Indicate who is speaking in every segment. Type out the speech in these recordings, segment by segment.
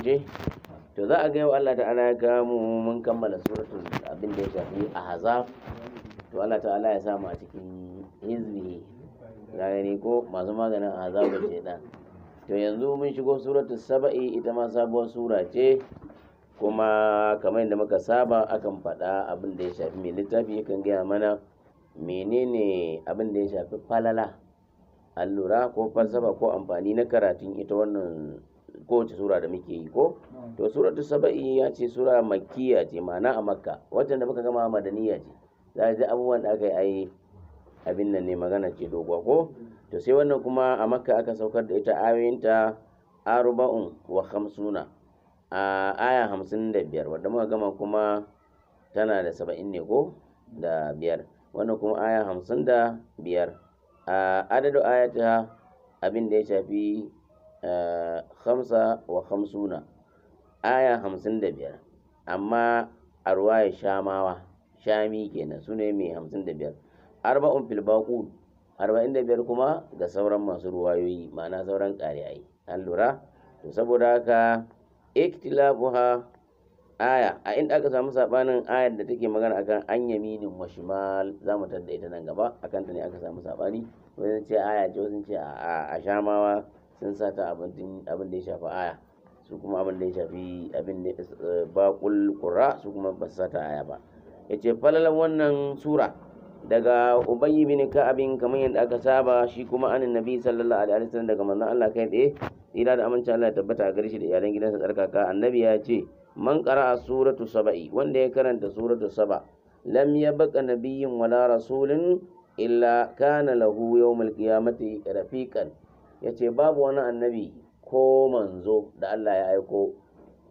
Speaker 1: gurguje to za a ga yau Allah ta'ala ya ga mu mun kammala suratul abin da ya shafi ahzab to Allah ta'ala ya sa mu a cikin hizbi ga gani ko masu maganin azabul da to yanzu mun shigo suratu saba'i ita ma sabuwar sura ce kuma kamar yadda muka saba akan faɗa abin da ya shafi mai littafi yakan gaya mana menene abin da ya shafi falala allura ko falsafa ko amfani na karatun ita wannan kowace sura da muke yi ko hmm. to suratu saba'i ya ce sura makkiya ce ma'ana a makka wacce da muka gama madaniya ce za a ji abubuwan da aka yi ayi abin nan ne magana ce dogwa ko to sai wannan kuma a makka aka saukar da ita ayoyinta arba'un wa khamsuna a aya hamsin da biyar wadda muka gama kuma tana da saba'in ne ko da biyar wannan kuma aya hamsin da biyar a adadin ayata abin da ya shafi hamsa wa hamsuna aya hamsin da biyar amma a ruwaya shamawa shami kenan su ne mai hamsin da biyar arba'un fil baqul arba'in da biyar kuma ga sauran masu ruwayoyi ma'ana sauran ƙari'ai an lura to saboda haka iktilafuha aya a inda aka samu sabanin ayar da take magana akan an yaminin wa shimal za mu tadda ita nan gaba akan ta ne aka samu sabani wajen ce aya ce wajen ce a shamawa sun sa ta abin da ya shafi aya su kuma abin da ya shafi abin da eh, baƙul ƙura su kuma ba su sa ta aya ba ya ce falalan wannan sura daga ubayy bin ka'abin kamar yadda aka saba shi kuma anin nabi sallallahu alaihi wasallam daga manzon Allah kai tsaye ila da amincin Allah ya tabbata a gare shi da iyalan gidansa tsarkaka annabi ya ce man qara'a suratu saba'i wanda ya karanta suratu saba lam yabqa nabiyyin wala rasulun illa kana lahu yawmul qiyamati rafiqan ya ce babu wani annabi ko manzo da Allah ya aiko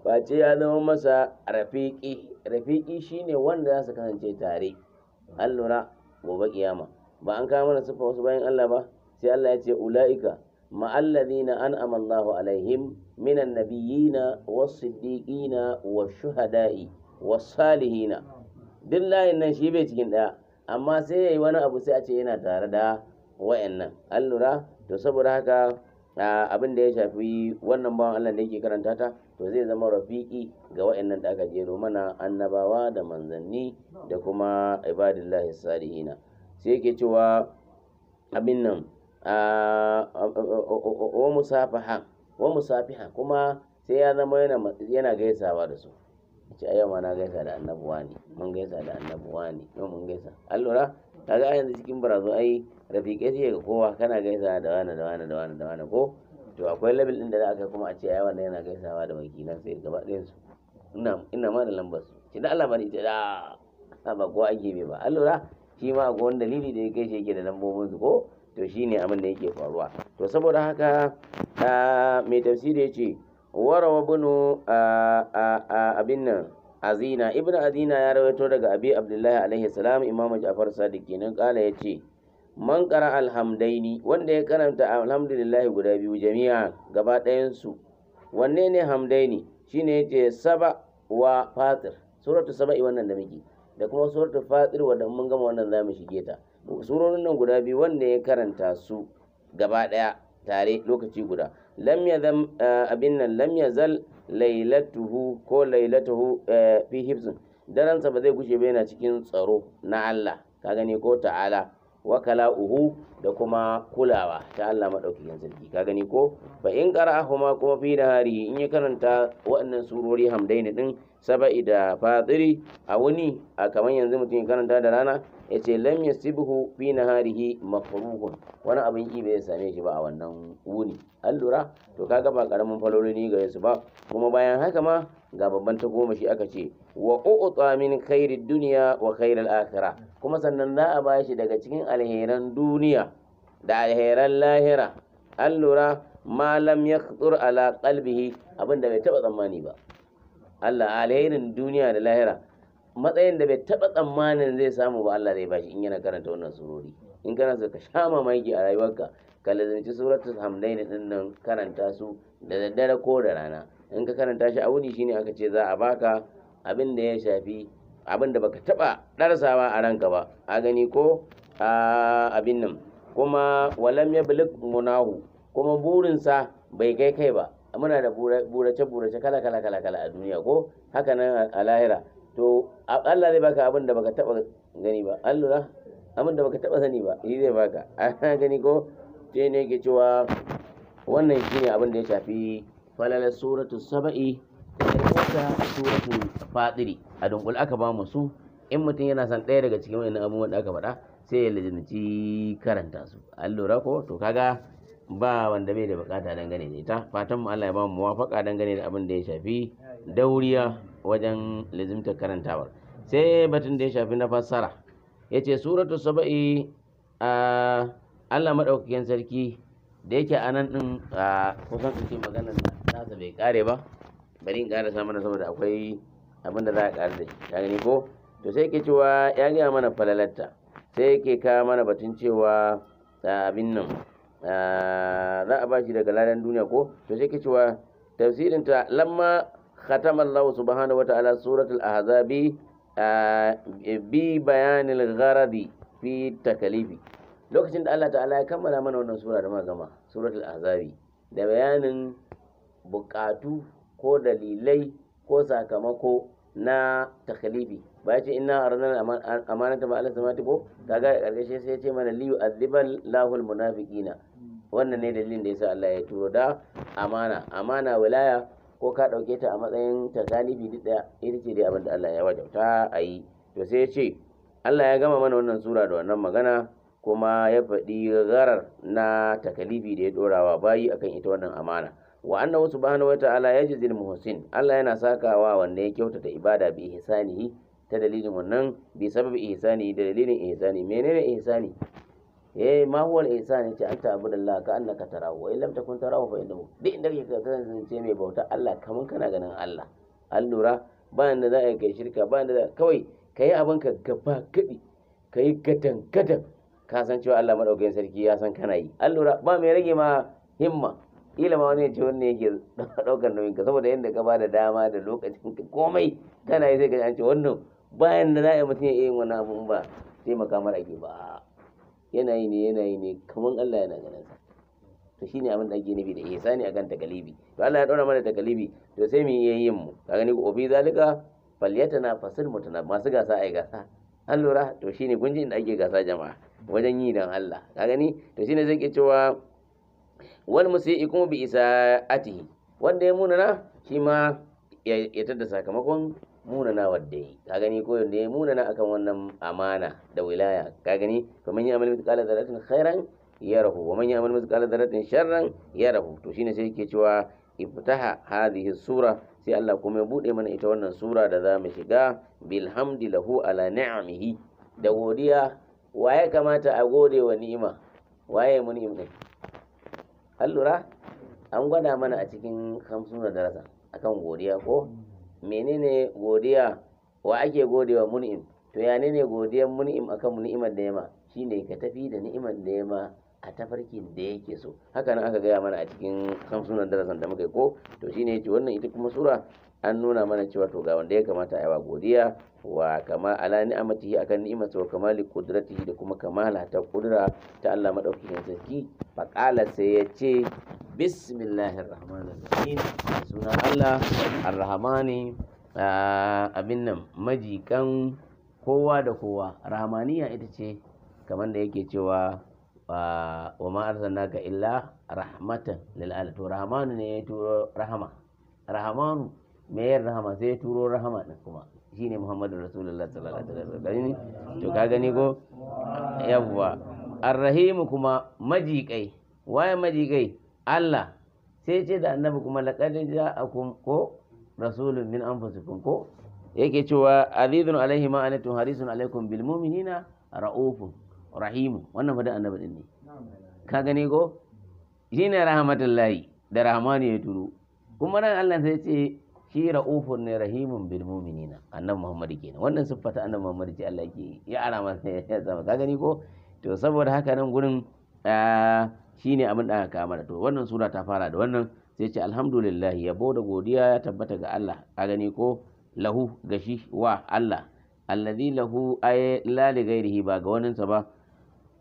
Speaker 1: face ya zama masa rafiki rafiki shine wanda za su kasance tare allura gobe kiyama ba an kama mana siffa wasu bayan Allah ba sai Allah ya ce ula'ika ma'allazina an'ama Allahu alaihim minan nabiyina was-siddiqina wash-shuhada'i was-salihina duk layin nan shi bai cikin ɗaya amma sai yayi wani abu sai a ce yana tare da wayannan allura. to saboda haka abin da ya shafi wannan bawan Allah da yake karanta ta to zai zama rafi'i ga wa'annan da aka jero mana annabawa da manzanni da kuma ibadillahi salihina sai yake cewa abin nan wa musafaha wa musafiha kuma sai ya zama yana yana gaisawa da su ce a yau na gaisa da annabuwa ne mun gaisa da annabuwa ne mun gaisa allura kaga yanzu cikin barazo ai rafiƙe ce ga kowa kana gaisawa da wani da wani da wani da wani ko to akwai labin ɗin da za a kai kuma a ce ai wannan yana gaisawa da wakilan sai gaba ɗayan su ina ina ma da lambar su ki da Allah ta ah, da ba ko ake mai ba an lura shi ma akwai wani dalili da ya kai shi yake da lambobin su ko to shine abin da yake faruwa to saboda haka mai tafsiri ya ce warawa bunu abin nan azina ibn azina ya rawaito daga abi abdullahi alaihi salam imamu ja'far sadiq kenan kala yace man qara alhamdaini wanda ya karanta alhamdulillah guda biyu jami'a gaba ɗayansu wanne ne hamdaini shine yace saba wa fatir suratu saba'i wannan da muke da kuma suratu fatir wanda mun gama wannan zamu shige ta surorin nan guda biyu wanda ya karanta su gaba ɗaya tare lokaci guda lam yazam eh, abin nan lam yazal lailatuhu ko lailatuhu eh, fi hibsin daransa ba zai gushe ba yana cikin tsaro na Allah ka gani ko ta'ala wakala uhu da kuma kulawa ta Allah madaukakin sarki ka gani ko fa in qara'ahuma kuma fi nahari in ya karanta waɗannan surori hamdaini din saba'i da fatiri a wuni a kamar yanzu mutum ya karanta da rana ya yace lam buhu fi harihi makruhun wani abin ki bai same shi ba a wannan wuni an lura to ka gaba karamin faloli ni gare su ba kuma bayan haka ma ga babban ta goma shi aka ce wa uqta min khairid dunya wa kairi akhirah kuma sannan za a bashi daga cikin alheran duniya da alheran lahira an lura ma lam yakhtur ala qalbihi abinda bai taɓa tsammani ba Allah alherin duniya da lahira matsayin da bai taɓa tsammanin zai samu ba Allah zai bashi in yana karanta wannan surori in kana so ka sha mamaki a rayuwarka ka lazanci suratul hamdain din nan karanta su da daddare ko da rana in ka karanta shi a wuni shine aka ce za a baka abin da ya shafi abin da baka taɓa darasawa a ranka ba a gani ko a abin nan kuma walam ya bilik munahu kuma burinsa bai kai kai ba muna da burace burace kala kala kala kala a duniya ko haka nan a lahira to Allah zai baka abin da baka taba gani ba Allura abin da baka taba sani ba shi zai baka ana gani ko sai ne ke cewa wannan shine abin da ya shafi falalar suratu saba'i da suratu fadiri a dunkul aka ba mu su in mutum yana san ɗaya daga cikin wannan abubuwan da aka faɗa sai ya lajinci karanta su Allura ko to kaga ba wanda bai da bukata dangane da ita fatan mu Allah ya ba mu muwafaka dangane da abin da ya shafi dauriya wajen lazimta karantawar sai batun da ya shafi na fassara ya ce suratu saba'i a allah maɗaukakin sarki da yake a nan ɗin a kusan ɗauki maganar nasa bai ƙare ba bari in ƙara samun saboda akwai abin da za a ƙare da shi gani ko to sai ke cewa ya gaya mana falalatta sai ke kawo mana batun cewa abin nan za a ba shi daga ladan duniya ko to sai ke cewa tafsirinta lamma khatama Allah subhanahu wa ta'ala suratul ahzabi bi bayanil gharadi fi takalifi lokacin da Allah ta'ala ya kammala mana wannan sura da magama suratul ahzabi da bayanin bukatu ko dalilai ko sakamako na takalifi ba ya ce ina arnal amanata ma Allah samati ko kaga karshe sai ya ce mana liyu azibal lahul munafiqina wannan ne dalilin da sa Allah ya turo da amana amana wilaya ko ka ɗauke ta a matsayin ta galibi duk ɗaya ita ce dai abin da Allah ya wajauta a yi to sai ya ce Allah ya gama mana wannan sura da wannan magana kuma ya faɗi gharar na takalifi da ya ɗorawa bayi akan ita wannan amana wa annahu subhanahu wata'ala yajzi al-muhsin Allah yana sakawa wanda ya kyautata ibada bi ihsani ta dalilin wannan bi sababi ihsani da dalilin ihsani menene ihsani eh ma huwal ihsan yace anta abudallah ka annaka tarahu wa illam takun tarahu fa innahu duk inda kake kasance mai bauta Allah kaman kana ganin Allah an lura ba inda za a kai shirka ba inda kawai kayi abin ka gaba gadi kayi gadan gadan ka san cewa Allah madaukakin sarki ya san kana yi an lura ba mai rage ma himma kila ma wani ce wani yake daukar nauyin ka saboda yadda ka bada dama da lokacin ka komai kana yi sai ka ce wannan bayan da za a yi mutum ya yi wani abun ba sai makamar ake ba yanayi ne yanayi ne kaman Allah yana ganin sa to shine abin da ake nufi da ihsani akan takalibi to Allah ya daura mana tagalibi to sai mu yi yin mu ka gani ko bi zalika falyatana fasil mutana masu gasa ai gasa an lura to shine kun da ake gasa jama'a wajen yi dan Allah ka gani to shine zai ke cewa wal musii kuma bi isaatihi wanda ya munana shi ma ya tada sakamakon munana wadda yi ka gani ko yadda ya munana akan wannan amana da wilaya ka gani fa man ya'mal mithqala dharratin khairan yarahu wa man ya'mal mithqala dharratin sharran yarahu to shine sai yake cewa iftaha hadhihi sura sai Allah kuma ya bude mana ita wannan sura da za mu shiga bilhamdi lahu ala ni'amihi da godiya waye kamata a gode wa ni'ima waye mun yi din an lura an gwada mana a cikin hamsin da darasa akan godiya ko menene godiya wa ake godewa mun'im to ya ne godiyar mun'im akan ni'imar da yama shine ka tafi da ni'imar da yama a tafarkin da yake so haka nan aka gaya mana a cikin sunan darasan da muka ko to shine yace wannan ita kuma sura an nuna mana cewa to ga wanda ya kamata a yawa godiya wa kama ala ni'amatihi akan ni'imarsa wa kamali qudratihi da kuma kamala ta kudura ta Allah madaukakin sarki fa qala sai ya ce bismillahir rahmanir rahim sunan Allah arrahmani abin nan majikan kowa da kowa rahmaniya ita ce kamar da yake cewa wa ma arsalnaka illa rahmatan lil alamin to rahmanu ne ya turo rahama rahmanu mayar rahama sai ya turo rahama din kuma shi ne muhammadu rasulullah sallallahu alaihi wasallam to ka gani ko yawwa arrahimu kuma majiƙai waye majiƙai Allah sai ce da annabi kuma laqad ja'akum ko rasulun min anfusikum ko yake cewa azizun alaihi ma anatum harisun alaikum bil mu'minina raufun rahimu wannan fa da annabi din ne ka gani ko shi ne rahmatullahi da rahmani ya turo kuma nan Allah sai ce shi ra'ufun ne rahimun bil mu'minina annabi Muhammad kenan wannan siffata annan Muhammadu ce Allah yake ya ara masa ya zama ka gani ko to saboda haka nan gurin shine abin da aka da to wannan sura ta fara da wannan sai ce alhamdulillah yabo da godiya ya tabbata ga Allah ka gani ko lahu gashi wa Allah alladhi lahu ay la li ghairihi ba ga waninsa ba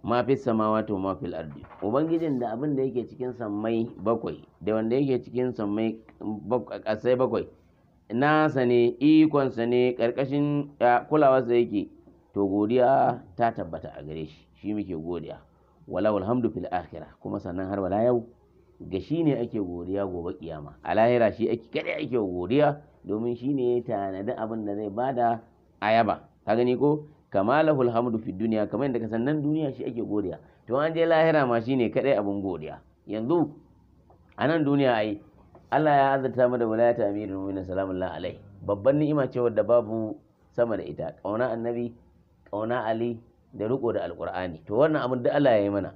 Speaker 1: ma fi samawati ma fil ardi ubangijin da abin da yake cikin sammai bakwai da wanda yake cikin sammai bakwai nasa ne ikonsa ne ƙarƙashin kulawarsa yake to godiya ta tabbata a gare shi shi muke godiya wala walhamdu fil akhirah kuma sannan har wala yau ga shi ne ake godiya gobe kiyama a lahira shi ake kada ake godiya domin shi ne tanadin abin da zai bada ayaba ka gani ko kamalahul hamdu fid duniya kamar yadda ka sannan duniya shi ake godiya to an je lahira ma shi ne kadai abin godiya yanzu a nan duniya ai Allah ya azurta mu da mu amirul mu'minin salamullahi alai babban ni'ima ce wadda babu sama da ita kauna annabi kauna ali da riko da alqur'ani to wannan abin da Allah ya yi mana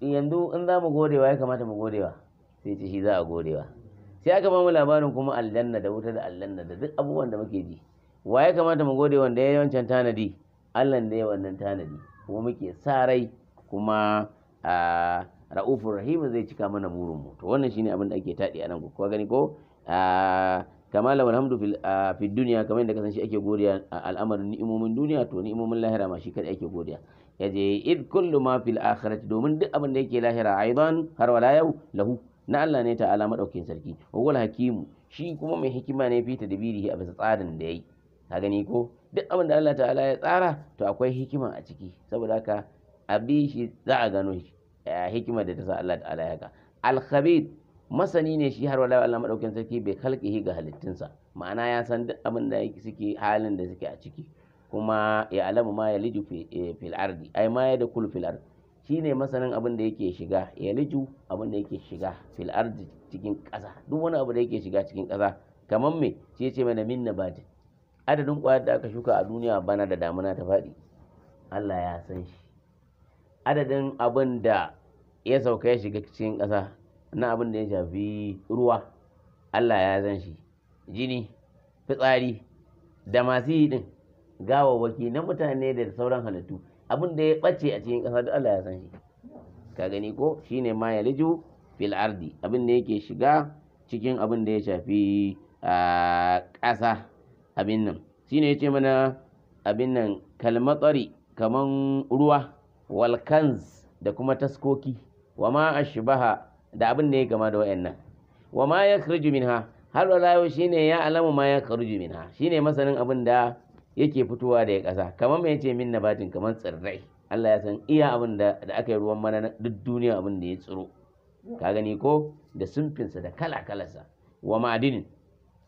Speaker 1: yanzu in za mu godewa ya kamata mu godewa sai ce shi za a godewa sai aka ba mu labarin kuma aljanna da wuta da aljanna da duk abubuwan da muke ji wa ya kamata mu gode wanda ya yi wancan tanadi Allah ne ya wannan tanadi kuma muke sa rai kuma a ah, ra'ufur rahim zai cika mana burin mu to wannan shine abin da ake tadi a nan ku kuwa gani ko kama lahu fi duniya kamar yadda kasance ake godiya al'amarin ni'imomin duniya to ni'imomin lahira ma shi kadai ake godiya ya je id kullu ma fil akhirati domin duk abin da yake lahira aidan har wala yau lahu na Allah ne ta'ala madaukin sarki wal hakimu shi kuma mai hikima ne fita da birihi a bisa tsarin da yayi ka gani ko duk abin da Allah ta'ala ya tsara to akwai hikima a ciki saboda haka abi shi za a gano shi Eh, hikima da ta sa Allah ta'ala ya ga al-khabir masani ne shi har wallahi Allah madaukin sarki bai kalkihi ga halittinsa ma'ana ya san duk abin da suke halin da suke a ciki kuma ya alamu ma ya liju eh, fil ardi ai ma ya da kul fil ardi shine masanin abin da yake shiga ya liju abin da yake shiga fil ardi cikin ƙasa duk wani abu da yake shiga cikin ƙasa kamar me shi yace mana min nabati adadin kwayar da aka shuka a duniya bana da damuna ta faɗi Allah ya san shi adadin abin da ya sauka ya shiga cikin ƙasa na abin da ya shafi ruwa Allah ya zan shi jini fitsari da masu yi din gawawwaki na mutane da sauran halittu abin da ya ɓace a cikin ƙasa da Allah ya san shi ka gani ko shine ma ya liju fil ardi abin da yake shiga cikin abin da ya shafi ƙasa abin nan shine ya ce mana abin nan kalmatsari kaman ruwa walkans da kuma taskoki wa ma ashbaha da abin da ya gama da nan wa ma yakhruju minha har wala yau shine ya alamu ma yakhruju minha shine masanin abin da yake fitowa da ya kasa kamar mai yace min nabatin kamar tsirrai Allah ya san iya abin da aka yi ruwan mana duk duniya abin da ya tsiro ka gani ko da sumfinsa da kala kalarsa wa ma'adini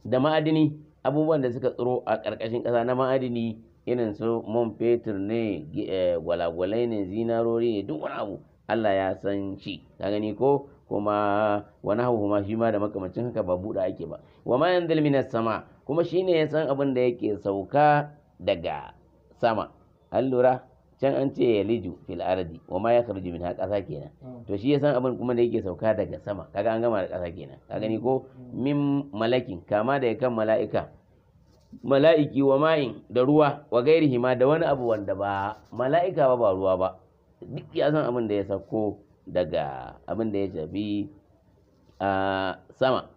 Speaker 1: da ma'adini abubuwan da suka tsiro a ƙarƙashin kasa na ma'adini irin su mun fetur ne eh, gwalagwalai ne zinarori ne duk wani abu Allah ya san shi ka gani ko kuma wani hauhu ma shi ma da makamancin haka ba buɗe ake ba wa ma yanzil na sama kuma shi ne ya san abin da yake sauka daga sama an lura can an ce ya liju fil ardi wa ma ya yakhruju minha ƙasa kenan mm. to shi ya san abin kuma da yake sauka daga sama kaga an gama da ƙasa kenan ka gani ko mm. min malakin kama da kan mala'ika mala'iki wa ma'in da ruwa wa gairihi ma da wani abu wanda ba mala'ika ba ba ruwa ba duk ya san abin da ya sako daga abin da ya shafi a sama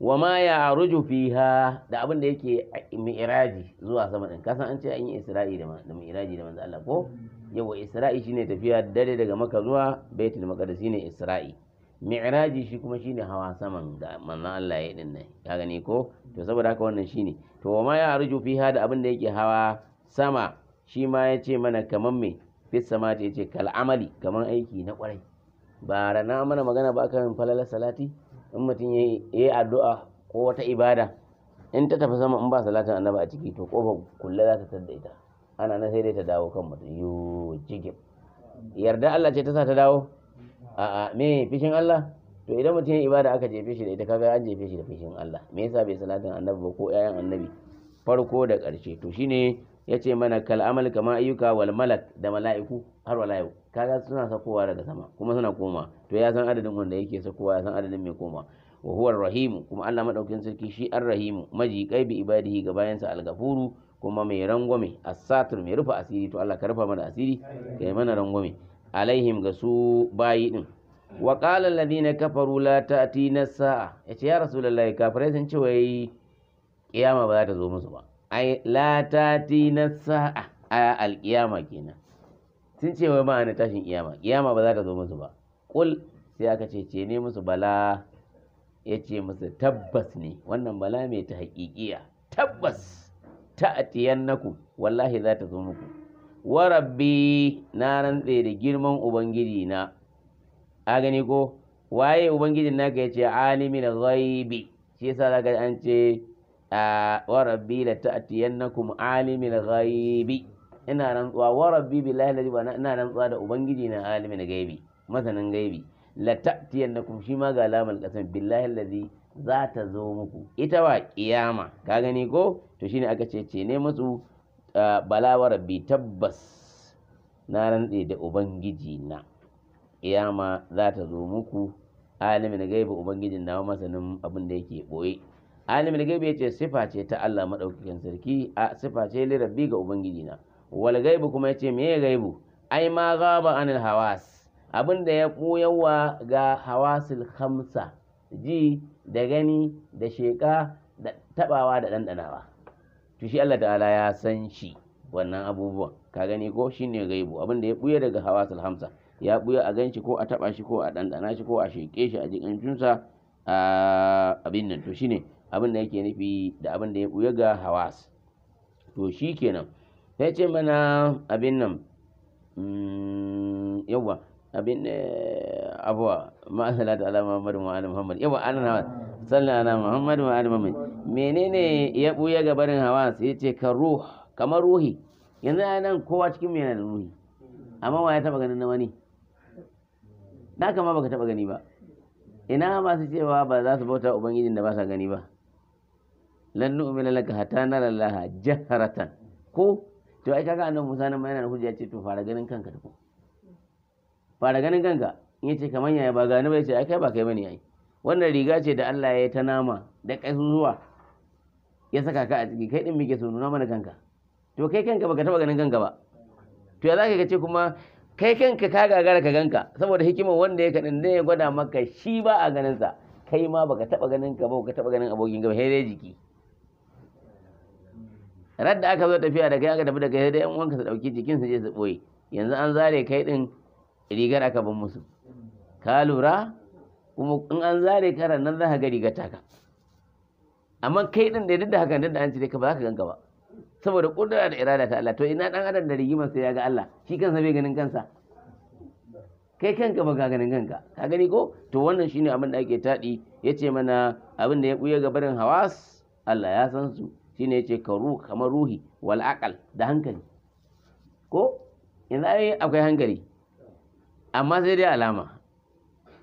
Speaker 1: wa ma ya ruju fiha da abin da yake mi'raji zuwa sama din kasan an ce an yi isra'i da mi'raji da manzo Allah ko yawa isra'i shine tafiya dare daga maka zuwa baitul maqdis ne isra'i mi'raji shi kuma shine hawa saman da manzo Allah ya din nan ka gani ko to saboda haka wannan shine to har ma ya fi da abin da yake hawa sama shi ma ya ce mana kamar mai fi sama ce ce kal'amali kamar aiki na kwarai ba rana mana magana ba kan falala salati in mutum ya yi addu'a ko wata ibada in ta tafi sama in ba salatin annaba a ciki to kofa kulle za ta tadda ita ana na sai dai ta dawo kan mutum jigib yarda Allah ce ta sa ta dawo a'a me fishin Allah to idan mutum ya ibada aka jefe shi da ita kaga an jefe shi da fushin Allah me yasa bai salatin annabi ba ko ƴaƴan annabi farko da ƙarshe to shine yace mana kal amal kama ayyuka wal malak da mala'iku har wala yau kaga suna sakowa daga sama kuma suna koma to ya san adadin wanda yake sakowa ya san adadin mai koma wa huwa rahim kuma Allah madaukakin sarki shi ar-rahim maji bi ibadihi ga bayansa al-gafuru kuma mai rangwame as-satir mai rufa asiri to Allah ka rufa mana asiri kai mana rangwame alaihim ga su bayi din wa qala alladhina kafaru la na sa'a Ya ce, ya rasu da laika kafirai sun ce wai kiyama ba za ta zo musu ba ai la na sa'a a alkiyama kenan sun ce wai ma'ana tashin kiyama kiyama ba za ta zo musu ba kul sai aka ce ce ne musu bala Ya ce musu tabbas ne wannan bala mai ta haƙiƙiya tabbas naku. wallahi za ta zo muku wa rabbi na rantse da girman ubangiji na a gani ko waye ubangijin naka ya ce alimin ghaibi shi yasa zaka an ce wa rabbi la ta'tiyannakum alimin ghaibi ina rantsuwa wa rabbi billahi ladhi wa ina rantsuwa da ubangiji na alimin ghaibi masanin ghaibi la ta'tiyannakum shi ma ga lamal qasam billahi ladhi za ta zo muku ita wa kiyama ka gani ko to shine aka ce ce ne musu bala wa rabbi tabbas na rantsi da ubangiji na kiyama za ta zo muku alimin gaibi ubangijin na masanin abin da yake boye alimin gaibi ce sifa ce ta Allah madaukakin sarki a sifa ce lirabbi ga ubangiji na wal gaibi kuma ya ce meye gaibu ai ma gaba anil hawas abin da ya koyawa ga hawasil hamsa, ji da gani da sheka da tabawa da ɗanɗanawa. to shi Allah ta'ala ya san shi wannan abubuwan ka gani ko shine gaibu abin da ya buya daga hawasul hamsa ya buya a ganshi ko a taba shi ko a dandana shi ko a sheke shi a jikin junsa a abin nan to shine abin da yake nufi da abin da ya buya ga hawas to shi kenan sai ce mana abin nan mm, yawa abin eh, abuwa ma salatu ala muhammad wa ala muhammad yawa ana na salla ala muhammad wa ala muhammad menene ya buya ga barin hawas yace ka ruh kamar ruhi yanzu a nan kowa cikin mai yana da ruhi amma wa ya taba ganin na wani da kama baka taba gani ba ina masu cewa ba za su bauta ubangijin da ba sa gani ba lan nu'mina laka hatta nara laha jaharatan ko to ai kaga annabi Musa nan ma yana da hujja ce to fara ganin kanka tukun fara ganin kanka in yace kaman yaya ba gani ba yace ai kai ba kai bane ai wannan riga ce da Allah ya yi ta nama da kai zuwa ya saka ka a ciki kai din muke so nuna mana kanka to kai kanka baka taba ganin kanka ba to ya zaka ka ce kuma kai kanka ka gagara ka ganka saboda hikimar wanda ya kaɗin ya gwada maka shi ba a ganinsa kai ma baka taɓa ganin ka ba baka taɓa ganin abokin gaba sai dai jiki radda aka zo tafiya da kai aka tafi da kai sai dai yan uwanka su ɗauki jikin su je su ɓoye yanzu an zare kai ɗin rigar aka ban musu ka lura kuma in an zare karan nan za ka ga rigar taka amma kai ɗin da duk da hakan duk da an cire ka ba za ka ganka ba saboda kudura da irada ta Allah to ina dan adam da rigimar sai ya ga Allah shi kansa bai ganin kansa kai kanka ba ga ganin kanka ka gani ko to wannan shine abin da ake tadi yace mana abin da ya buya ga barin hawas Allah ya san su shine yace ka ruh kamar ruhi wal aqal da hankali ko yanzu ai akwai hankali amma sai dai alama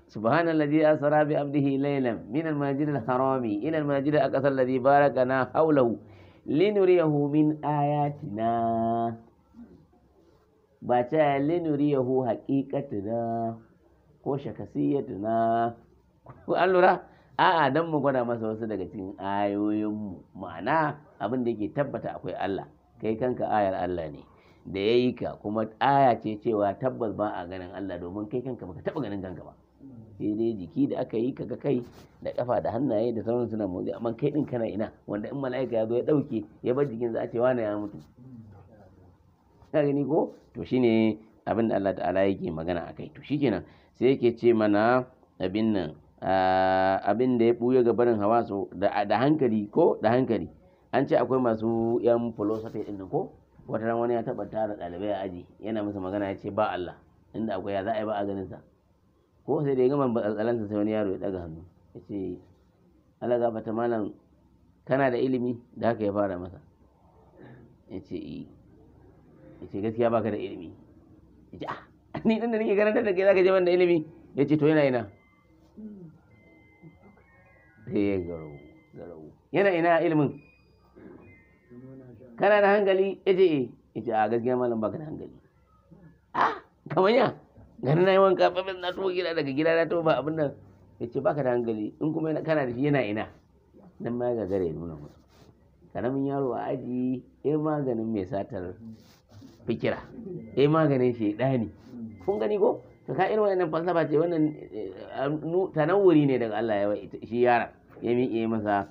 Speaker 1: سبحان الذي أسرى بعبده ليلا من المسجد الحرام إلى المسجد الأقصى الذي باركنا حوله linuriyahu min ayatina ba ta linuriyahu haƙiƙatina ko shakasiyatina ko an lura a'a dan mu gwada masa wasu daga cikin ayoyinmu ma'ana abin da yake tabbata akwai Allah kai kanka ayar Allah ne da ya yi ka kuma aya ce cewa tabbas ba a ganin Allah domin kai kanka baka taɓa ganin kanka ba sai dai jiki da aka yi kaga kai da kafa da hannaye da sauran suna motsi amma kai din kana ina wanda in mala'ika ya zo ya dauke ya bar jikin za a ce wane ya mutu ka gani ko to shine abin da Allah ta'ala yake magana akai to shikenan sai yake ce mana abin nan abin da ya buya ga barin hawa so da hankali ko da hankali an ce akwai masu yan philosophy din nan ko wata ran wani ya taba tara ɗalibai a aji yana masa magana ya ce ba Allah inda akwai ya za a yi ba a ganin sa ko sai da ya gama batsalanta sai wani yaro ya daga hannu ya ce ga bata malam kana da ilimi da haka ya fara masa ya ce i eh. ya ce gaskiya baka da ilimi ya ce ah ni dan da nake karanta da kai zaka je da ilimi ya ce to yana ina sai ya garo garau yana ina ilimin kana da hankali ya ce eh ya ce a ah, gaskiya malam baka da hankali ah kamar ya gani na yi wanka fafin na tuwo gida daga gida na tuwo ba abin nan ya ce baka da hankali in kuma kana da shi yana ina nan ma ga gare ya nuna musu karamin yaro a aji ya maganin mai satar fikira ya maganin ɗani kun gani ko ka ka irin wannan falsafa ce wannan eh, eh, tanawuri ne daga Allah ya shi yaran ya miƙe masa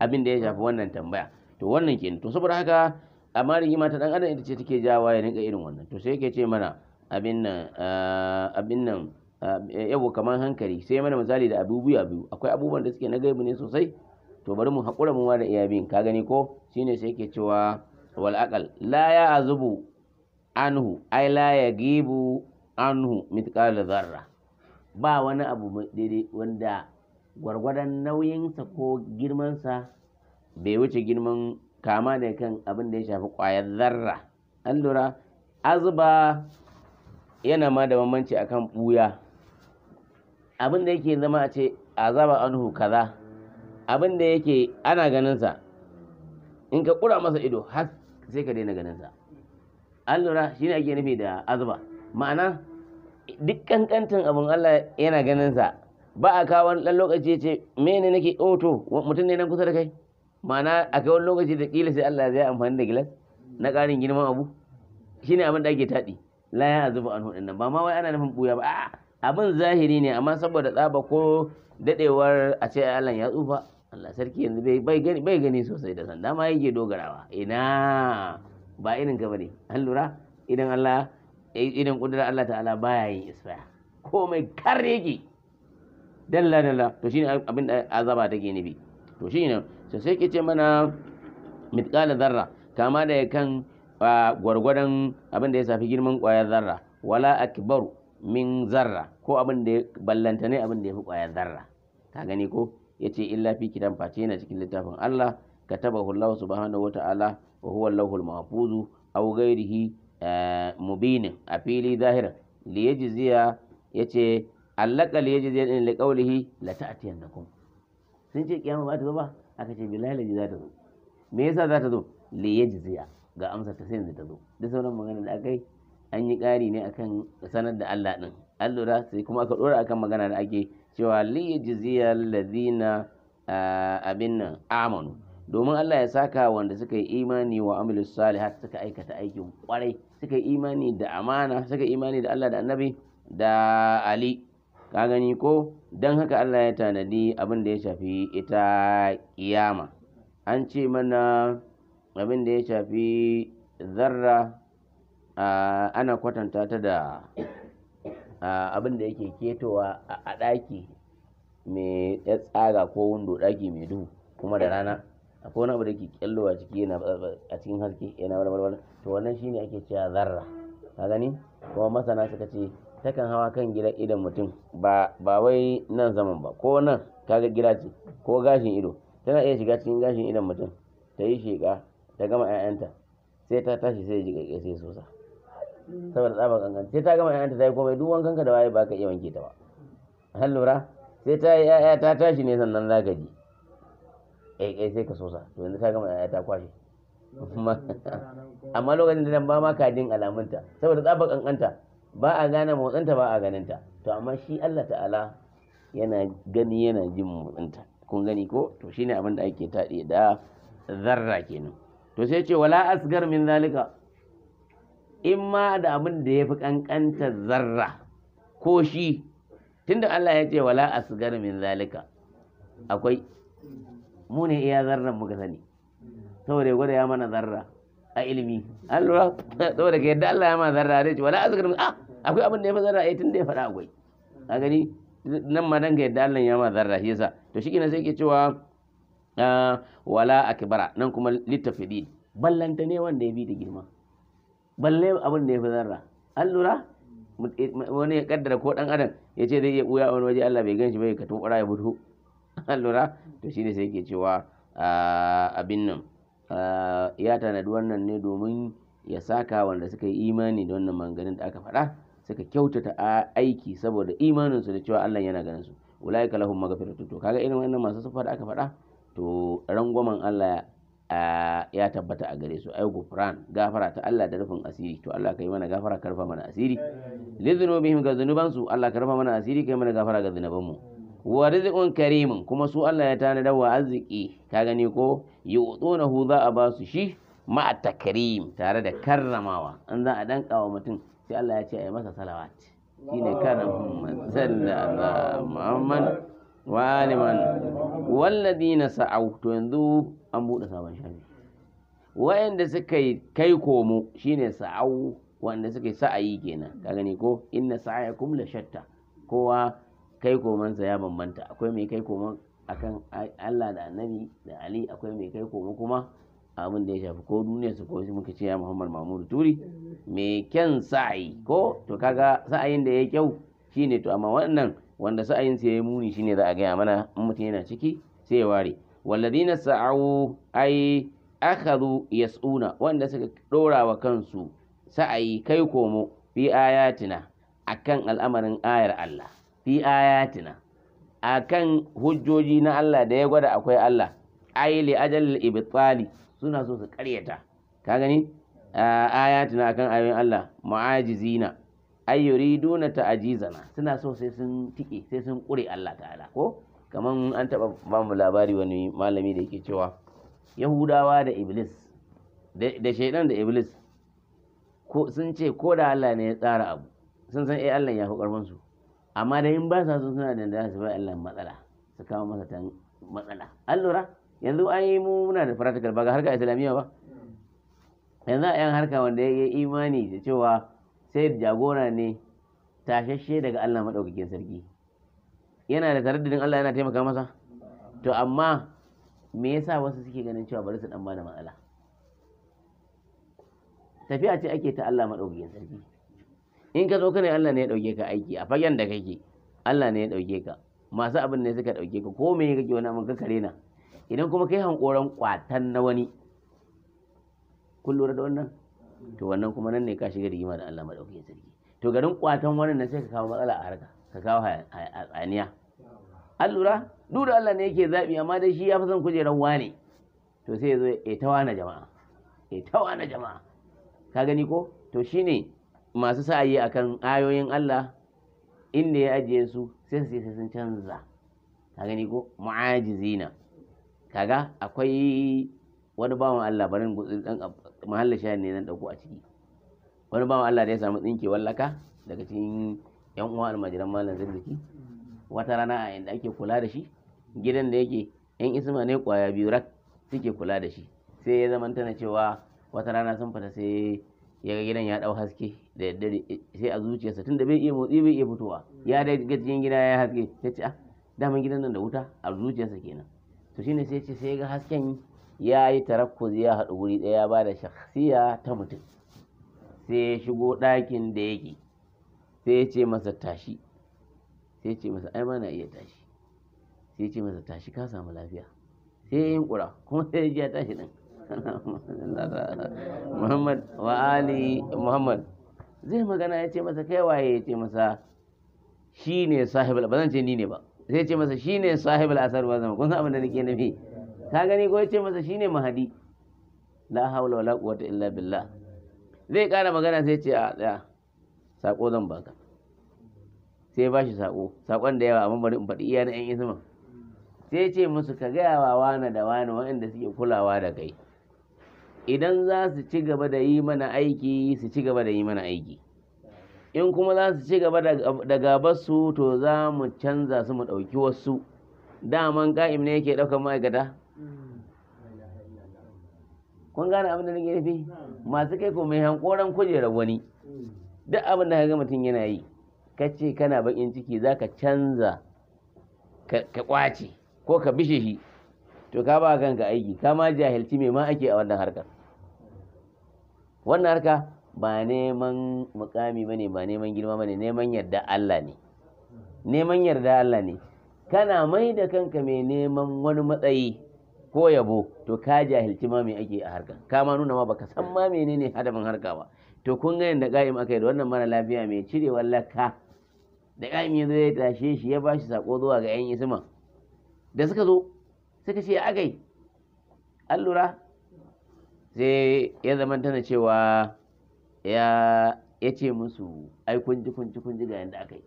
Speaker 1: abin da ya shafi wannan tambaya to wannan kenan to saboda haka amma rigima ta dan adam ita ce take jawa ya rinka irin wannan to sai yake ce mana abin nan abin nan kamar hankali sai mana misali da abubuwa biyu akwai abubuwan da suke na gaibu ne sosai to bari mu haƙura mu da iya bin ka gani ko shine sai ke cewa wal aqal la ya azubu anhu ai la ya gibu anhu da zarra ba wani abu daidai wanda gwargwadon nauyinsa ko girmansa bai wuce girman kama da kan abin da ya shafi ƙwayar zarra an lura azuba yana ma da bambanci akan buya abin da yake zama a ce azaba anhu kaza abin da yake ana ganinsa in ka kura masa ido har sai ka daina ganinsa an lura shi ne ake nufi da azaba ma'ana duk kankantan abin Allah yana ganinsa ba a kawo wani lokaci ce mene nake oto oh mutum ne nan kusa da kai ma'ana a kai wani lokaci da kila sai Allah zai amfani da gilas na ƙarin girman abu shine abin da ake taɗi la ya zuba an hudun nan ba ma wai ana nufin buya ba a abin zahiri ne amma saboda tsaba ko dadewar a ce Allah ya tsufa Allah sarki yanzu bai gani bai gani sosai da sanda ma yake dogarawa ina ba irin ka bane an lura idan Allah idan kudura Allah ta'ala baya yin isfaya komai kar yake dalla dalla to shine abin da azaba take nufi to shine sai sai ke ce mana mitqala zarra kama da kan gwargwadon abin da ya safi girman ƙwayar zarra wala akbaru min zarra ko abin da ballanta ne abin da ya fi ƙwayar zarra ka gani ko ya ce illa fi kidan face yana cikin littafin Allah katabahu Allah subhanahu wa ta'ala wa huwa Allahul mahfuz aw ghairihi eh, mubin a fili zahir li yajziya yace allaka li yajziya in li qawlihi la ta'tiyannakum sun ce kiyama ba ta zo ba aka ce billahi la za ta zo me yasa za ta zo li yajziya ga amsa ta sai yanzu ta zo duk sauran magana da aka yi an yi ƙari ne akan sanar da Allah din an lura sai kuma aka ɗora akan magana da ake cewa li jiziyar lazina abin nan amanu domin Allah ya saka wanda suka yi imani wa amilu salihat suka aikata aikin kwarai suka yi imani da amana suka yi imani da Allah da annabi da Ali ka gani ko dan haka Allah ya tanadi abin da ya shafi ita kiyama an ce mana abin da ya shafi zarra ana kwatanta ta da abin da yake ketowa a ɗaki mai tsaga ko wundo ɗaki mai duhu kuma da rana akwai wani abu da ke kyallowa ciki yana a cikin haske yana barbar to wannan shine ake cewa zarra ka gani kuma masana suka ce takan hawa kan gidan idan mutum ba wai nan zaman ba ko nan kaga gida ce ko gashin ido tana iya shiga cikin gashin idan mutum ta yi shiga ta gama 'ya'yanta sai ta tashi sai ji ƙaiƙai sai sosa saboda tsaba kankan sai ta gama 'ya'yanta ta yi komai duk wankan ka da waye ba ka iya wanke ta ba har lura sai ta yi 'ya'ya ta tashi ne sannan za ka ji kai sai ka sosa to yanzu ta gama 'ya'ya ta kwashe amma lokacin da ba ma kadin alamunta saboda tsaba kankanta ba a gane motsinta ba a ganinta to amma shi Allah ta'ala yana gani yana jin motsinta kun gani ko to shine abin da ake taɗe da zarra kenan to sai ce wala asgar min zalika in ma da abin da ya fi kankanta zarra ko shi tunda Allah ya ce wala asgar min zalika akwai mu ne iya zarra muka sani saboda ya gwada ya mana zarra a ilimi an saboda ka yadda Allah ya mana zarra zai ce wala asgar min ah akwai abin da ya fi zarra eh tunda ya faɗa akwai a gani nan ma dan ka yadda Allah ya mana zarra shi yasa to shi kenan sai ke cewa wala akbara nan kuma littafidi ballanta ne wanda ya bi da girma balle abin da ya fi zarra an lura wani ya kaddara ko dan adam ya ce zai iya buya wani waje Allah bai gan shi bai ka tokura ya fito an lura to ne sai ke cewa abin nan ya tanadi wannan ne domin ya saka wanda suka yi imani da wannan manganin da aka faɗa suka kyautata aiki saboda imaninsu da cewa Allah yana ganin su ulaika lahum maghfiratun to kaga irin wannan masu sufa da aka faɗa to rangwamen Allah ya tabbata a gare su ai gufran gafara ta Allah da rufin asiri to Allah kai mana gafara karfa mana asiri li bihim ga zunuban su Allah rufa mana asiri kai mana gafara ga zunuban mu wa rizqun karimin kuma su Allah ya tanada wa arziki ka gani ko Hu za a basu shi ma'a takrim tare da karramawa an za a danka wa mutum sai Allah ya ce ai masa salawat shine sallallahu waliman aliman walladina sa'au to yanzu an buɗe sabon shafi wa'anda suka yi kai komo shine sa'au wanda suka yi sa'ayi kenan ka gani ko inna sa'ayakum la shatta kowa kai komansa ya bambanta akwai mai kai koman akan Allah da Annabi da Ali akwai mai kai komo kuma abin da ya shafi ko duniya su ko muka ce ya Muhammad Mamudu Turi mai kyan sa'ayi ko to kaga sa'ayin da ya kyau shine to amma wannan wanda sa'ayin sai ya muni shine za a gaya mana in mutum yana ciki sai ya ware walladina sa'u ai akhadhu yas'una wanda suka dora wa kansu sa'ayi kai komo fi ayatina akan al'amarin ayar Allah fi ayatina akan hujjoji na Allah da ya gwada akwai Allah ai li ajal ibtali suna so su karyata ka gani ayatina akan ayoyin Allah mu'ajizina ay na ta'jizana suna so sai sun tike sai sun kure Allah ta'ala ko kaman an taba ba mu labari wani malami da yake cewa Yahudawa da Iblis da shaidan da Iblis ko sun ce ko da Allah ne ya tsara abu sun san eh Allah ya fi karfin su amma da in ba sa so suna da da su ba Allah matsala su kawo masa tan matsala allura yanzu an yi mu muna da practical ba ga harka islamiyya ba yanzu a yan harka wanda ya yi imani da cewa sai jagora ne tashashe daga Allah maɗaukakin sarki yana da taraddadin Allah yana taimaka masa to amma me yasa wasu suke ganin cewa bari su dan bada matsala tafiya ce ake ta Allah maɗaukakin sarki in ka zo kana Allah ne ya ɗauke ka aiki a fagen da kake Allah ne ya ɗauke ka masu abin ne suka dauke ka ko me kake wani abin ka kare na idan kuma kai hankoran kwatan na wani kun lura da wannan to wannan kuma nan ne ka shiga rigima da Allah madaukakin sarki to garin kwatan wannan nan sai ka kawo matsala a harka ka kawo hayaniya an lura duk da Allah ne yake zabi amma dai shi ya fi son kujerar wane to sai ya zo ya tawana jama'a ya tawana jama'a ka gani ko to shine masu sa'ayi akan ayoyin Allah inda ya ajiye su sai su sai sun canza ka gani ko mu'ajizina kaga akwai wani bawan Allah barin mahalla shayin ne zan ɗauko a ciki wani bawan Allah da ya samu tsinke wallaka daga cikin yan uwa almajiran malam zirziki wata rana a inda ake kula da shi gidan da yake yan isma ne kwaya biyu rak suke kula da shi sai ya zama tana cewa wata rana sun fita sai ya ga gidan ya dau haske da daddare sai a zuciyarsa tunda bai iya motsi bai iya fitowa ya dai gajiyan gida ya haske sai ce ah daman gidan nan da wuta a zuciyarsa kenan to shine sai ce sai ya ga hasken ya yi tarakkuz ya haɗu wuri ɗaya ya ba da shakhsiya ta mutum sai ya shigo ɗakin da yake sai ya ce masa tashi sai ya ce masa ai mana iya tashi sai ya ce masa tashi ka samu lafiya sai ya yi ƙura kuma sai ya ji ya tashi ɗin Muhammad wa Ali Muhammad zai magana ya ce masa kai waye ya ce masa shi ne sahibul ba zan ce ni ne ba ya ce masa shi ne sahibul asar ba zama kun san abin da nake nufi ka gani ko ce masa shine mahadi la haula wala quwwata illa billah zai ƙara magana sai ce a tsaya sako zan baka sai ba shi sako sakon da yawa amma bari in faɗi iya na 'yan isma sai ce musu ka gaya wa wana da wani waɗanda suke kulawa da kai idan za su ci gaba da yi mana aiki su ci gaba da yi mana aiki in kuma za su ci gaba da gabarsu to za mu canza su mu ɗauki wasu daman ka'im ne yake ɗaukar ma'aikata kun gane abin da nake nufi masu kai ko mai hankoran kujerar wani duk abin da ga mutum yana yi ka ce kana bakin ciki za ka canza ka kwace ko ka bishe shi to ka ba kanka aiki ka ma jahilci mai ma ake a wannan harkar wannan harka ba neman mukami bane ba neman girma bane neman yarda Allah ne neman yarda Allah ne kana mai da kanka mai neman wani matsayi ko yabo to ka jahilci ma me ake a harka ka ma nuna ma baka san ma menene hadamin harka ba to kun ga yanda ga'im aka yi da wannan mara lafiya mai cire wallaka. da ga'im ya zo ya tashe shi ya bashi sako zuwa ga 'yan isma da suka zo suka ce a an lura sai ya zama tana cewa ya ya ce musu ai kun ji kun ji kun ji ga yanda aka yi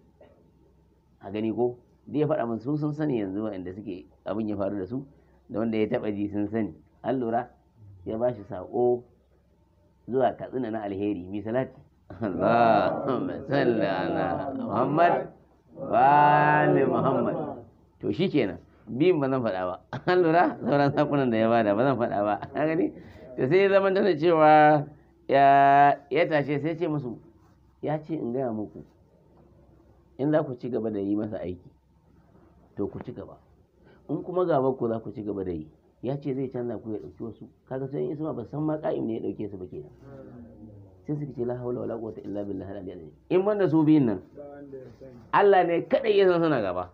Speaker 1: a gani ko duk ya faɗa musu sun sani yanzu inda suke abin ya faru da su da wanda ya taɓa ji sun sani an lura ya ba shi saƙo zuwa katsina na alheri mi salati Allahumma salli ala Muhammad wa Muhammad to shi kenan biyun ba zan faɗa ba an lura sauran sakunan da ya bada ba zan faɗa ba ka gani to sai zama tana cewa ya tashe sai ce musu ya ce in gaya muku in za ku ci gaba da yi masa aiki to ku ci gaba in kuma gaba ku za ku ci gaba da yi ya ce zai canza ku ya ɗauki wasu kaga sai in ba san ma ƙa'im ne ya ɗauke su ba nan sai suka ce la hawla wala quwwata illa billah al azim in banda su biyun nan Allah ne kadai ya san suna gaba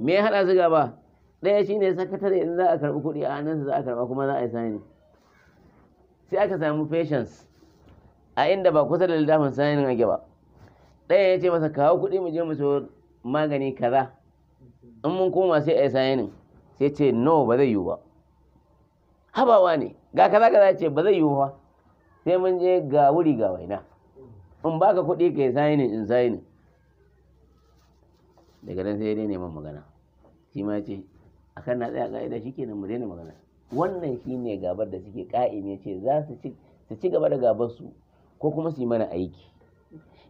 Speaker 1: me ya hada su gaba ɗaya shine sakatare in za a karɓi kuɗi a nan za a karɓa kuma za a yi sani sai aka samu patience a inda ba kusa da littafin sanin ake ba ɗaya ya ce masa kawo kuɗi mu je mu so magani kaza in mun koma sai a yi sayanin sai ce no ba zai yiwu ba habawa ne ga kaza kaza ce ba zai yiwu ba sai mun je ga wuri ga waina in baka kuɗi ka yi sayanin in sayanin daga nan sai dai neman magana shi ma ce a kan na tsaya ka'ida shi kenan mu daina magana wannan shi ne gabar da suke ka'ime ce za su ci gaba da gabar su ko kuma su yi mana aiki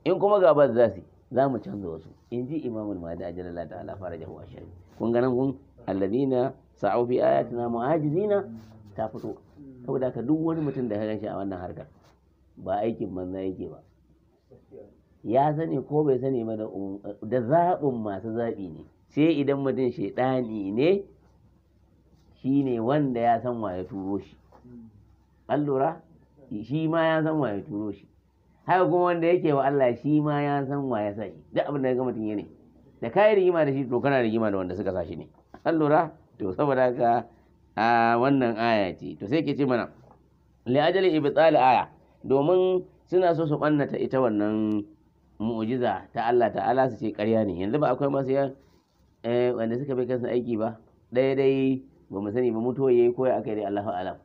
Speaker 1: in kuma gabar za su yi za mu canza wasu in ji imamul mahdi ajalla ala fara jahu ashirin kun ganin kun alladina sa'u fi ayatina zina ta fito saboda ka duk wani mutum da ka ganshi a wannan harkar ba aikin manza yake ba ya sani ko bai sani ba da um, zaɓin masu zaɓi ne sai idan mutum shaiɗani ne shi ne wanda ya san wa ya turo shi an lura shi ma ya san wa ya turo shi haka kuma wanda yake wa Allah shi ma ya san wa ya sa shi duk abin da ga mutum yana da kai rigima da shi to kana rigima da wanda suka sa shi ne an lura to saboda haka a wannan aya ce to sai ke ce mana li ajali ibtal aya domin suna so su bannata ita wannan mu'jiza ta Allah ta'ala su ce ƙarya ne yanzu ba akwai masu yan eh, wanda suka bai kansu aiki ba ɗaya dai ba mu sani ba mutuwa yayi ko ya dai Allahu alam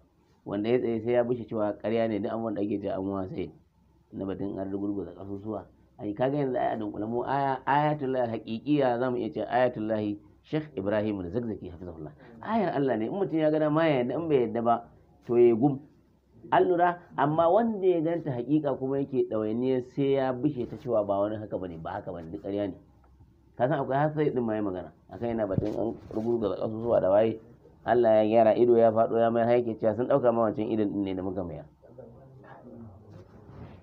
Speaker 1: wanda ya tsaye sai ya bushe cewa ƙarya ne duk an wanda ake ji an sai. na batun an da kasusuwa ai kaga yanzu aya a dunkule mu aya hakikiya haqiqiya zamu iya cewa ayatullahi Sheikh Ibrahim da Zakzaki hafizahullah ayar Allah ne in mutum ya gana ma ya yadda in bai yadda ba to ya gum allura amma wanda ya ganta hakika kuma yake ɗawainiya sai ya bishe ta cewa ba wani haka bane ba haka bane duk ƙarya ne ka san akwai hasai din mai magana akan yana batun an rugurga kasusuwa da waye Allah ya gyara ido ya faɗo ya mai haike cewa sun ɗauka ma wancan idan ne da muka mayar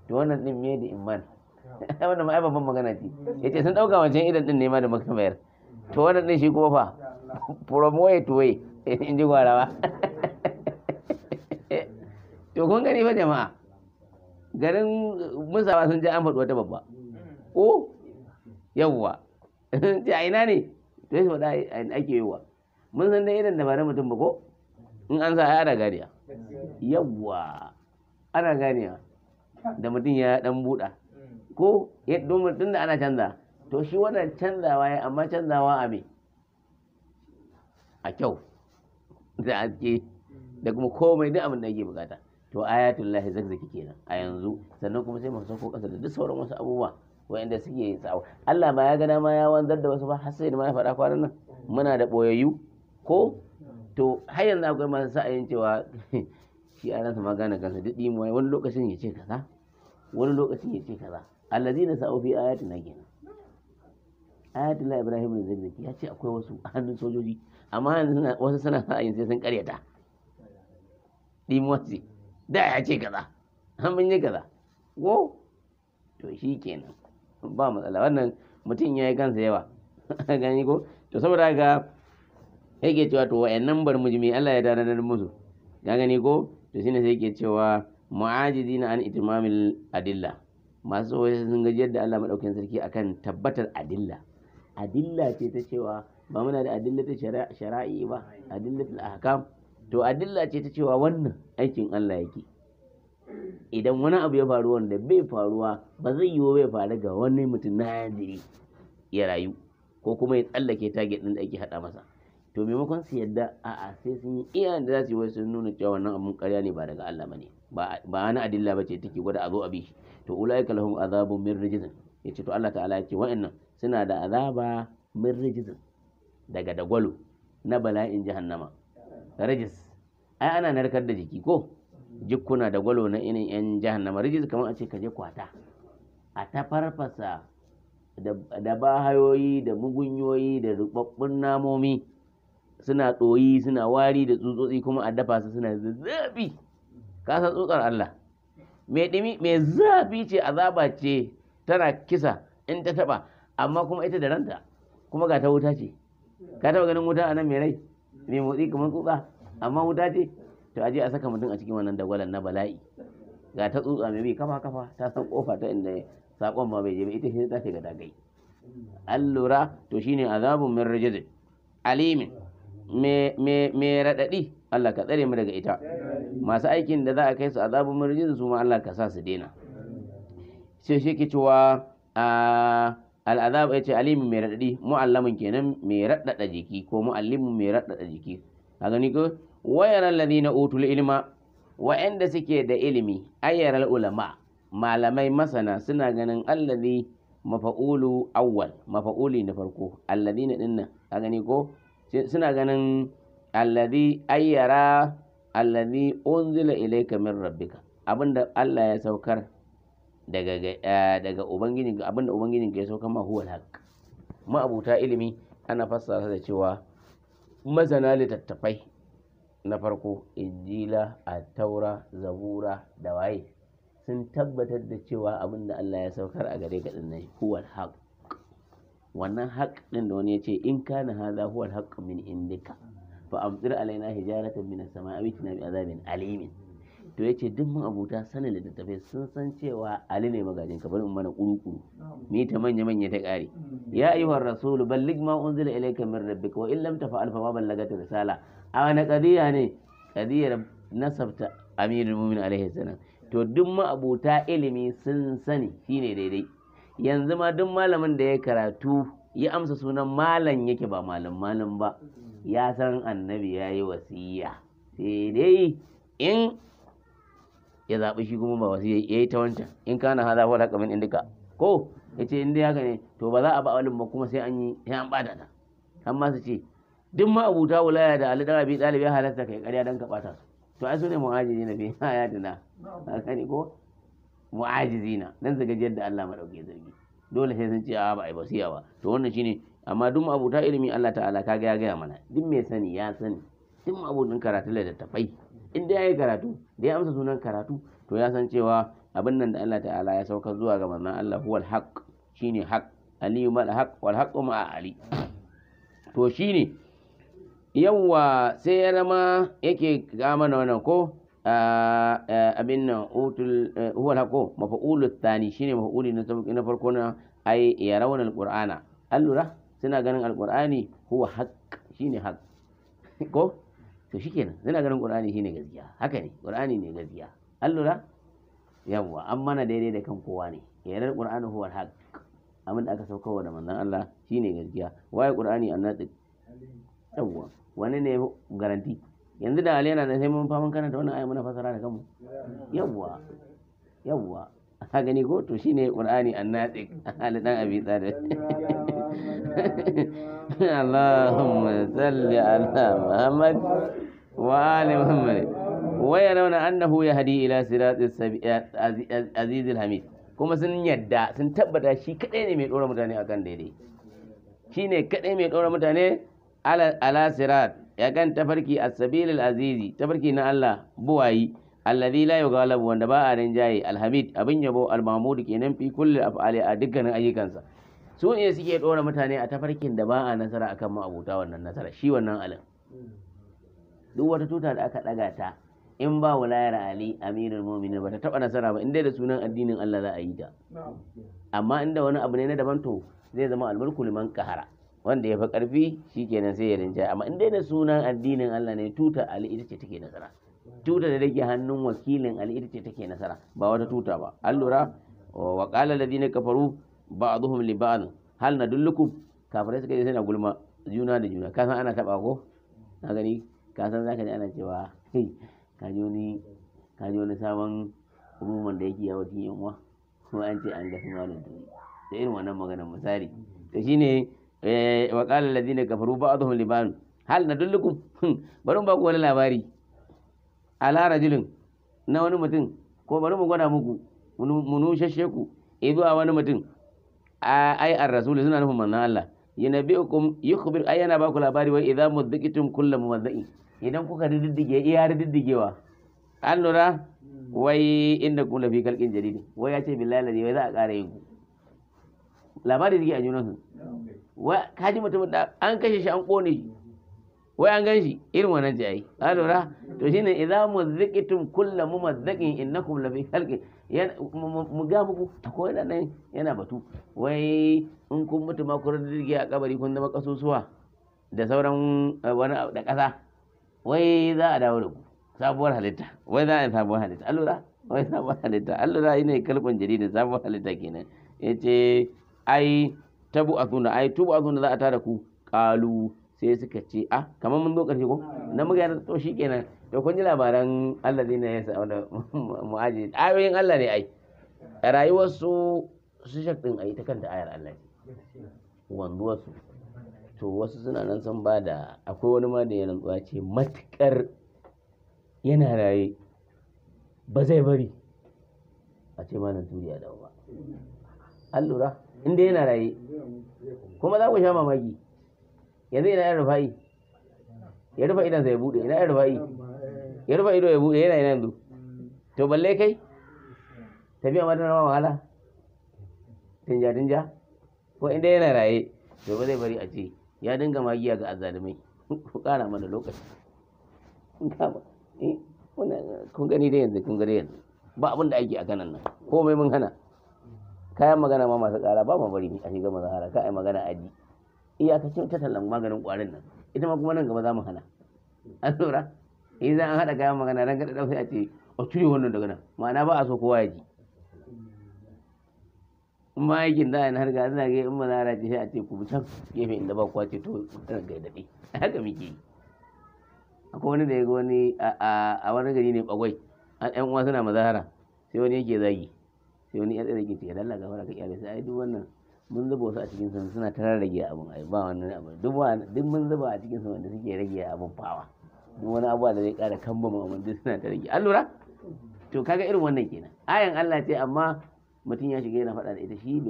Speaker 1: to wannan din me da iman wannan ma ai babban magana ce yace sun dauka wancan idan din ne ma da maka to wannan din shi kuma fa from way to way in ji gwarawa to kun gani fa jama'a garin musawa sun ji an faɗi wata babba mm. ko yawwa ce a ina ne to shi faɗa ake yawa mun san dai irin dabarun mutum ba ko in an sa ya ana ganiya yawwa ana ganiya da mutum ya dan buɗa mm. ko domin tun da ana canza to shi wannan canzawa ya amma canzawa a me a kyau da aske mm. da kuma komai duk abin da yake bukata to ayatullahi zakzaki kenan a yanzu sannan kuma sai mu sauko kasa da duk sauran wasu abubuwa wa'anda suke yin Allah ma ya gana ma ya wanzar da wasu ba har sai da ma ya faɗa kwanan nan muna da ɓoyayyu? ko mm. to har yanzu akwai masu sa'ayin cewa shi a ransa ma gane kansa duk ɗimuwa wani lokacin ya ce kaza wani lokacin ya ce kaza allazina sa'u fi ayatina kenan ayatul ibrahim zai zazzaki ya ce akwai wasu hannun sojoji amma wasu suna yin sai sun karyata dimuwasi da ya ce kaza an mun yi kaza ko to shi kenan ba matsala wannan mutum ya yi kansa yawa gani ko to saboda haka yake cewa to wa'annan bar mujmi Allah ya dana musu ya gani ko to shine sai yake cewa na an itimamil adilla masu tsohon sun gaji yadda Allah maɗaukakin sarki akan tabbatar adilla adilla ce ta cewa ba muna da adilla ta shara'i ba adilla ta ahkam to adilla ce ta cewa wannan aikin Allah yake idan wani abu ya faru wanda bai faruwa ba zai yiwu bai faru ga wani mutum yanzu ya rayu ko kuma ya tsallake target ɗin da ake haɗa masa to maimakon su yadda a'a sai sun yi iya da za su yi wasu nuna cewa wannan abun ƙarya ne ba daga Allah ba ne ba wani adilla ba ce take gwada a zo a bi to ulai kalahum azabun min rijzin yace to Allah ta'ala yace wa'annan suna da azaba min rijzin daga dagwalo na bala'in jahannama rijis ai ana narkar da jiki ko Jikuna da gwalo na inin yan jahannama rijis kamar a ce ka je kwata a ta farfasa da bahayoyi da mugunyoyi da rubabbun namomi suna tsoyi suna wari da tsutsotsi kuma a dafa su suna zazzabi ka san tsutsar Allah mai dimi mai zafi ce azaba ce tana kisa in ta taba amma kuma ita da ranta kuma ga ta wuta ce ka taba ganin wuta a nan mai rai mai motsi kamar tsutsa amma wuta ce to aje a saka mutum a cikin wannan dagwalan na bala'i ga ta tsutsa mai bi kafa kafa ta san kofa ta inda sakon ba bai je ba ita ce, ta shiga dagai an lura to shine azabun min rijzin alimin me raɗaɗi Allah ka tsare mu daga ita masu aikin da za a kai su azabun murjin su ma Allah ka sa su daina sai shi ke cewa al'azab ya ce alimin mai raɗaɗi mu'allamin kenan mai raɗaɗa jiki ko mu'allimin mai raɗaɗa jiki a gani ko wayaran na utul ilma wa'anda suke da ilimi ayyar ulama malamai masana suna ganin allazi mafa'ulu awwal mafa'uli na farko na dinnan a gani ko suna ganin alladhi ayyara alladhi unzila ilayka min rabbika abinda Allah ya saukar daga eh, daga ubangijin abinda ubangijin ya saukar ma huwa haq ma abuta ilimi ana fassara da cewa mazana littattafai na farko injila taura zabura da waye sun tabbatar da cewa abinda Allah ya saukar a gare ka dinnan huwa haq wannan haƙ ɗin da wani ya ce in kana hadha huwa al-haqqu min indika fa amtir alaina hijaratan min as-sama'i aw itina bi azabin alimin to yace duk mun abuta sanin littattafai sun san cewa ali ne magajin ka bari in mana kurukuru ni ta manya manya ta kare ya ayyuhar rasul balligh ma unzila ilayka min rabbika wa in lam fa ma ballagata risala a wani qadiya ne qadiyar nasabta amirul mu'min alaihi salam to duk ma abuta ilimi sun sani shine daidai yanzu ma duk malamin da ya karatu ya amsa sunan malam yake ba malam malam ba ya san annabi ya yi wasiya sai dai in ya zaɓi shi kuma ba wasiya ya yi ta wancan in kana haza wala kamin indika ko ya ce in dai haka ne to ba za a ba alim ba kuma sai an yi sai an ɓata ta an ma su ce duk ma abuta wulaya da ali biyu ɗalibi ya halatta kai ƙarya don ka ɓata su to ai su ne mu'ajiri na fi hayatina a kani ko mu'ajizina dan su gaji yadda Allah madauke zargi dole sai sun ce a ba a yi basiya ba to wannan shine amma duk abuta ilimi Allah ta'ala kaga ya gaya mana duk mai sani ya sani duk abudin karatu da tafai in dai yayi karatu da ya amsa sunan karatu to ya san cewa abin nan da Allah ta'ala ya sauka zuwa ga manzon Allah huwal haq shine haq aliyu mal haq wal haq ma ali to shine yawwa sai ya rama yake ga mana wannan ko abin nan utul huwa hako mafa'ulut thani shine mafa'uli na farko na ai yarawna alqur'ana allura suna ganin alqur'ani huwa haqq shine haqq ko to shikenan suna ganin qur'ani shine gaskiya haka ne qur'ani ne gaskiya allura yawwa amma na daidai da kan kowa ne yarar qur'ani huwa haqq amma da aka saukowa da manzon Allah shine gaskiya waye qur'ani annati yawwa wani ne garanti yanzu da alena da sai mun faman karanta wannan ayi muna fasara da kanmu yawwa yawwa a gani ko to shine qur'ani annati hali dan abi tsare Allahumma salli ala Muhammad wa ali Muhammad wa yarawna annahu yahdi ila siratis azizil hamid kuma sun yadda sun tabbata shi kadai ne mai dora mutane akan daidai shine kadai mai dora mutane ala sirat ya kan tafarki as-sabilul azizi tafarki na Allah buwayi alladhi la yughalabu wanda ba a rinjaye alhamid abin yabo almahmud kenan fi kulli af'ali a dukkanin ayyukansa su ne suke dora mutane a tafarkin da ba a nasara akan ma'abuta wannan nasara shi wannan alin duk wata tuta da aka daga ta in ba wulayar ali amirul mu'minin ba ta taba nasara ba inda da sunan addinin Allah za a yi ta amma inda wani abu ne na daban to zai zama almulku liman qahara wanda ya fi ƙarfi shi kenan sai ya rinja amma in dai da sunan addinin Allah ne tuta ali ita ce take nasara tuta da take hannun wakilin ali ita ce take nasara ba wata tuta ba an lura wa qala alladhina kafaru ba'dhum li ba'd hal nadullukum kafirai suka je suna gulma juna da juna ka san ana taba ko na gani ka san zaka ji ana cewa ka ji wani ka ji wani sabon umuman da yake yawo cikin yan uwa ko an ce an ga sunan da irin wannan maganar misali to shine Eh, wa qala allazina kafaru ba'dhum li ba'd hal nadullukum hm, bari mu ba ku wani labari ala rajulin na wani mutum ko bari mu gwada muku mu nushashe ku eh, zuwa wani mutum ai ar-rasul suna nufin manzon Allah yunabbi'ukum yukhbir ay yana baku labari wai idan mu idza kullum kullu zai idan kuka diddige iya diddigewa an lura hmm. wai inda kula fi kalkin jaridi wai ya ce billahi wai za a ƙara yin ku labari suke a junansu su kaji mutum da an kashe shi an kone shi wai an gan shi irin wannan jayi a lura to shi ne mu zikitun kulla mu mumazziqin innakum la fi khalqin mu ga muku koyi wannan nan yana batu wai in kun mutu ma kun rage a kabari kun zama kasusuwa da sauran eh, wani da kasa wai za a dawo da ku sabuwar halitta wai za a yi sabuwar halitta allura wai sabuwar halitta allura ina kalbin jaridin sabuwar halitta kenan ya ce. ai tabu azuna ai tubu azuna za a tara ku kalu sai suka ce ah kamar mun zo karshe ko na muga da to shikenan to kun ji labaran Allah ne ya sa mu'aji ayoyin Allah ne ai rayuwar su su shakkin ai ta kanta ayar Allah ne wanzuwar su to wasu suna nan san ba da akwai wani ma da ya rantsuwa ce matukar yana raye ba zai bari a ce ma na duniya da ba an lura inda yana raye kuma za ku sha mamaki yanzu ina yan rufa'i ya rufa idansa ya bude ina yan rufa'i ya rufa ido ya bude yana yanzu to balle kai tafiya ma tana wahala tinja tinja ko inda yana raye to ba zai bari a ce ya dinga magiya ga azzalumai ku kara mana lokaci eh, kun gani dai yanzu kun gani yanzu ba abin da ake a kanan nan komai mun hana kayan magana ma masu ƙara ba ma bari a shiga maza hara ai magana a ji iyakacin ta tallan maganin ƙwarin nan ita ma kuma nan gaba za mu hana an lura in eh, za an haɗa kayan magana ran gaɗa ɗau sai a ce a oh, cire wannan daga nan ma'ana ba a so kowa ya ji in ma aikin da har ga zina ga in hara ce sai a ce ku can gefe inda ba kowa ce to ran ga daɗe haka muke yi akwai wani da ya ga wani a wani gari ne bagwai an ɗan uwa suna mazahara sai wani yake zagi sai wani yan rage ce Allah gafara ka iyalai sai ai duk wannan mun zuba wasu a cikin sun suna tara rage abun ai ba wannan abu duk mun zuba a cikin sun wanda suke rage abun fawa duk wani abuwa da zai kara kamba ma duk suna ta rage an to kaga irin wannan kenan ayan Allah ce amma mutum ya shiga yana faɗa da ita shi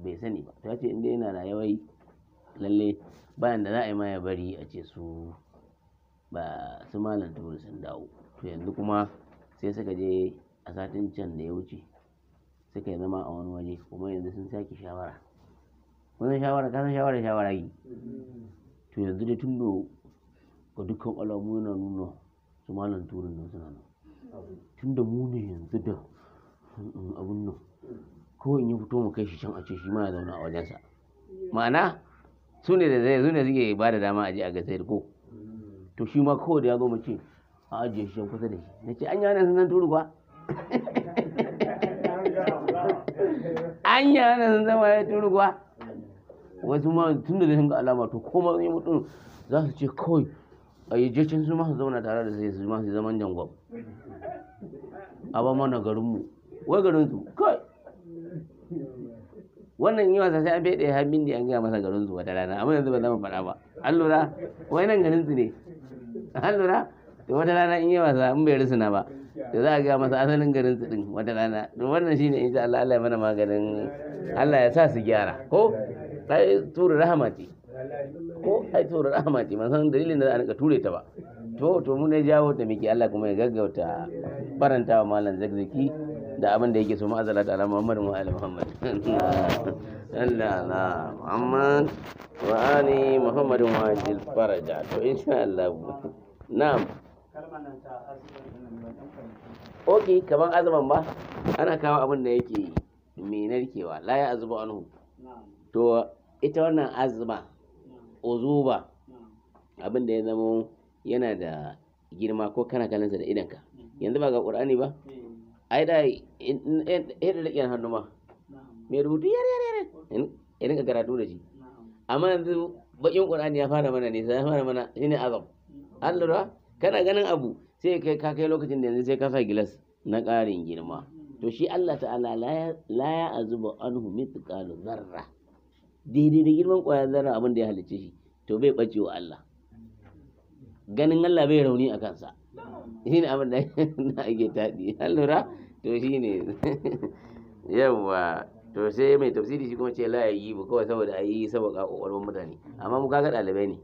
Speaker 1: bai sani ba ta ce inda yana rayuwai lalle bayan da za a yi ma ya bari a ce su ba su malam sun dawo to yanzu kuma sai suka je a satin can da ya wuce suka yi zama a wani waje kuma yanzu sun sake shawara wannan shawara ka san shawara shawara yi to yanzu da tun da ga dukkan alamu yana nuna su malam turin nan suna nan tun da mu ne yanzu da abun nan kawai in ya fito mu kai shi can a ce shi ma ya zauna a wajensa ma'ana su ne da zai su ne suke ba da dama a je a ga sai ko to shi ma kawai da ya zo ce a ajiye shi can kusa da shi na ce an yi wani sunan turu kuwa anya na zan zama ya turu ba wasu ma tun da sun ga alama to kuma in mutum za su ce kawai a yi jecin su ma su zauna tare da sai su ma su zaman jangon a ba mana garinmu wai garin su kai wannan yi wasa sai an bai ya hannun da an gaya masa garin su wata rana amma yanzu ba zama faɗa ba an lura wai nan garin su ne an lura da wata rana in yi wasa in bai risina ba Da za a ga masa asalin garin su din wata rana to wannan shine insha Allah Allah ya mana maganin Allah ya sa su gyara ko ai tura rahama ce ko ai tura rahama ce ban san dalilin da za a nika ture ta ba to to mu ne jawo da miki Allah kuma ya gaggauta faranta wa mallan zakzaki da abin da yake so mu azalata ala Muhammad wa ala Muhammad Allah na Muhammad wa ali Muhammad wa ajil faraja to insha Allah na'am ok kamar azumin ba ana kawo abin da yake mai narkewa laye ya azuba anhu to ita wannan azuba uzuba abin da ya zama yana da girma ko kana ganin sa da idanka yanzu ba ga qur'ani ba ai da yadda da yan hannu ma mai rubutu yare yare yare ya ka karatu da shi amma yanzu bakin qur'ani ya fara mana ne sai ya fara mana shine azam an lura kana ganin abu sai kai ka kai lokacin da yanzu sai ka sa gilas na ƙarin girma to shi Allah ta'ala la ya azuba anhu mithqalu zarra daidai da girman ƙwayar zarra abin da ya halicce shi to bai bace wa Allah ganin Allah bai rauni a kansa shi ne abin da ake taɗi an lura to shi ne yawa to sai mai tafsiri shi kuma ce la yi bu kawai saboda ayi saboda ƙwaƙwalwar mutane amma mu kaga ɗalibai ne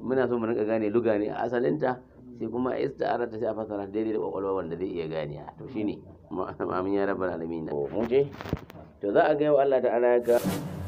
Speaker 1: muna so mu rinka gane luga ne a asalinta sai kuma istara ta sai a fasara daidai da kwakwalwa wanda zai iya gani to shine amin ya rabbal alamin mu je to za a ga Allah ta'ala ya ga